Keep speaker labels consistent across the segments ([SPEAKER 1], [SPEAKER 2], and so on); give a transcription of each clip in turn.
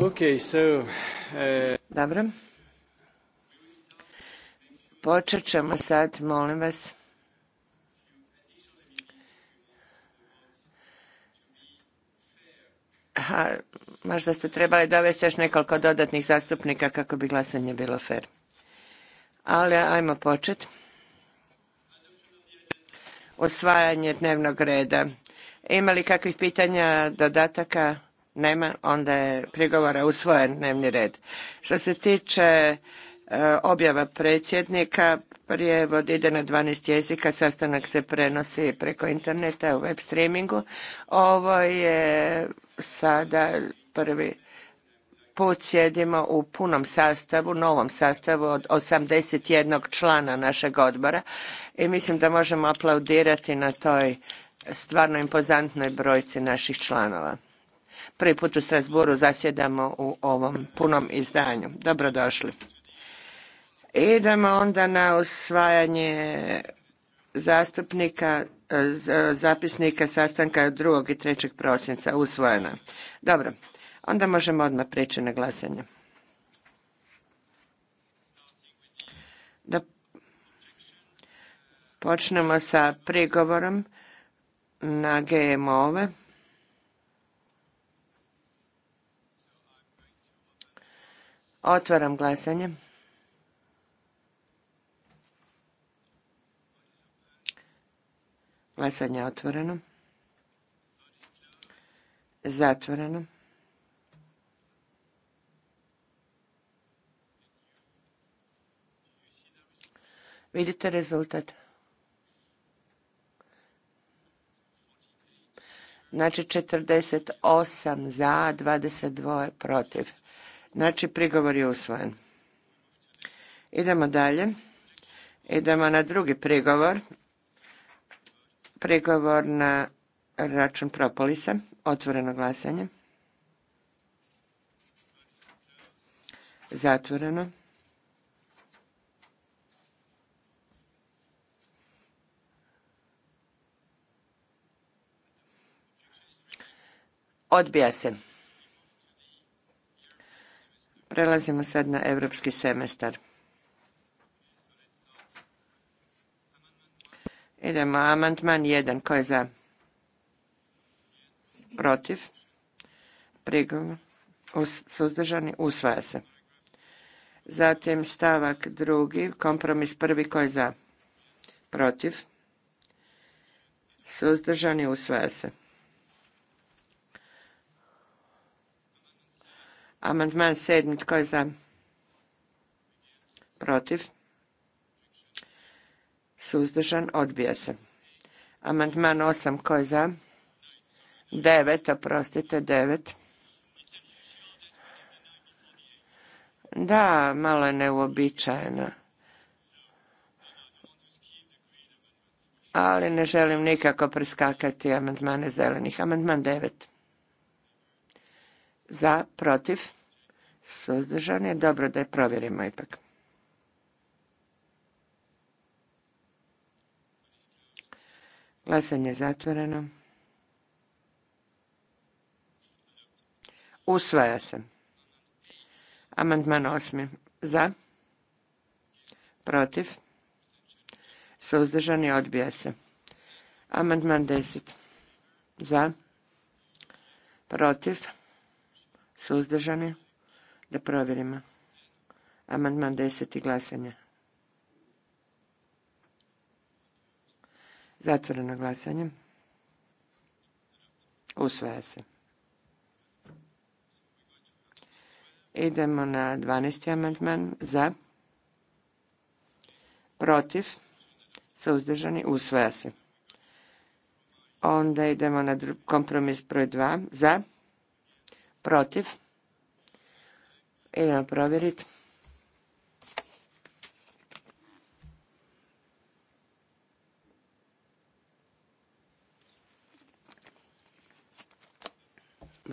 [SPEAKER 1] Uh, Dobro. Počet ćemo sad, molim vas. možda ste trebali dovesti još nekoliko dodatnih zastupnika kako bi glasanje bilo fer. Ali ajmo počet. Osvajanje dnevnog reda. Ima li kakvih pitanja, dodataka? Nema, onda je prigovora usvojen dnevni red. Što se tiče e, objava predsjednika, prijevod ide na 12 jezika, sastanak se prenosi preko interneta u web streamingu. Ovo je sada prvi put sjedimo u punom sastavu, novom sastavu od 81 člana našeg odbora i mislim da možemo aplaudirati na toj stvarno impozantnoj brojci naših članova prvi put u Strasburu zasjedamo u ovom punom izdanju. Dobrodošli. Idemo onda na usvajanje zastupnika e, zapisnika sastanka 2. i 3. prosinca usvojena. Dobro, onda možemo odmah prijeći na glasanje. Da počnemo sa prigovorom na GMO-ove. Otvaram glasanje. Glasanje je otvoreno. Zatvoreno. Vidite rezultat. Znači 48 za, 22 protiv. Znači, prigovor je usvojen. Idemo dalje. Idemo na drugi prigovor. Prigovor na račun Propolisa. Otvoreno glasanje. Zatvoreno. Odbija se. Prelazimo sad na europski semestar. Idemo, amantman 1. Ko je za? Protiv? suzdržani? Usvaja se. Zatim stavak drugi, kompromis prvi, ko je za? Protiv? Suzdržani? Usvaja se. Amandman sedmi, tko je za? Protiv? Suzdržan? Odbija se. Amandman osam, tko je za? Devet, oprostite, devet. Da, malo je neuobičajeno. Ali ne želim nikako preskakati amandmane zelenih. Amandman devet. Za, protiv, je. Dobro da je provjerimo ipak. Glasanje je zatvoreno. Usvaja se. Amandman osmi. Za. Protiv. Suzdržani odbija se. Amandman deset. Za. Protiv. Suzdržani? Da provjerimo. Amandman 10. glasanje. Zatvoreno glasanje. Usvaja se. Idemo na 12. amandman. Za. Protiv. Suzdržani. Usvaja se. Onda idemo na kompromis broj dva. Za. Protiv? Idemo provjeriti.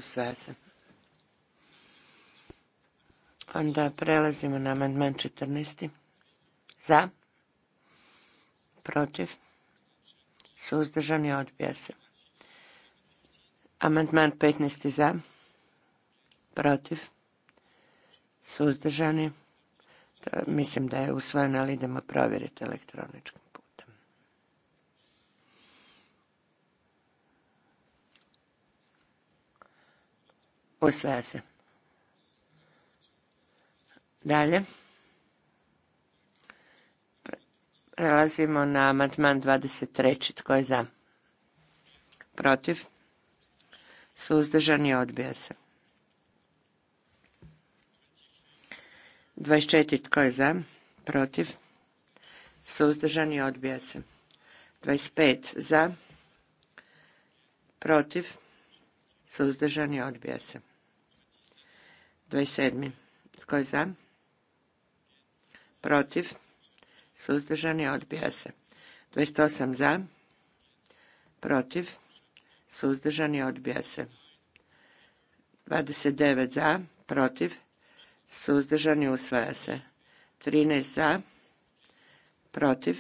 [SPEAKER 1] sve se. Onda prelazimo na amandman 14. Za. Protiv. Suzdržani odbija se. Amandman 15. Za protiv, suzdržani. Mislim da je usvojeno, ali idemo provjeriti elektroničkim putem. Usvaja se. Dalje. Prelazimo na amandman 23. Tko je za? Protiv? Suzdržani odbija se. 24. Tko je za? Protiv? suzdržan i odbija se. 25. Za? Protiv? Suzdržani odbija se. 27. Tko je za? Protiv? Suzdržani odbija se. 28. Za? Protiv? suzdržan i odbija se. 29. Za? Protiv? suzdržani, usvaja se. 13 za, protiv,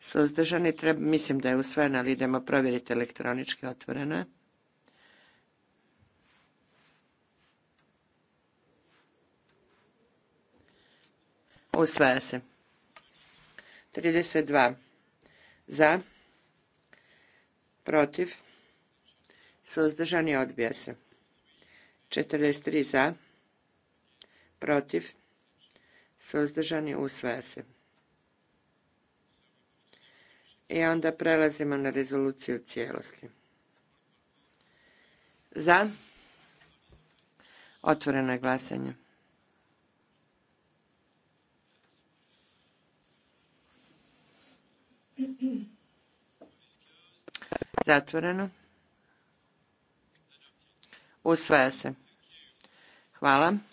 [SPEAKER 1] suzdržani, treba, mislim da je usvojena, ali idemo provjeriti elektronički otvorena. Usvaja se. 32 za, protiv, suzdržani, odbija se. 43 za, protiv, suzdržani, usvaja se. I onda prelazimo na rezoluciju cijelosti. Za. Otvoreno je glasanje. Zatvoreno. Usvaja se. Hvala.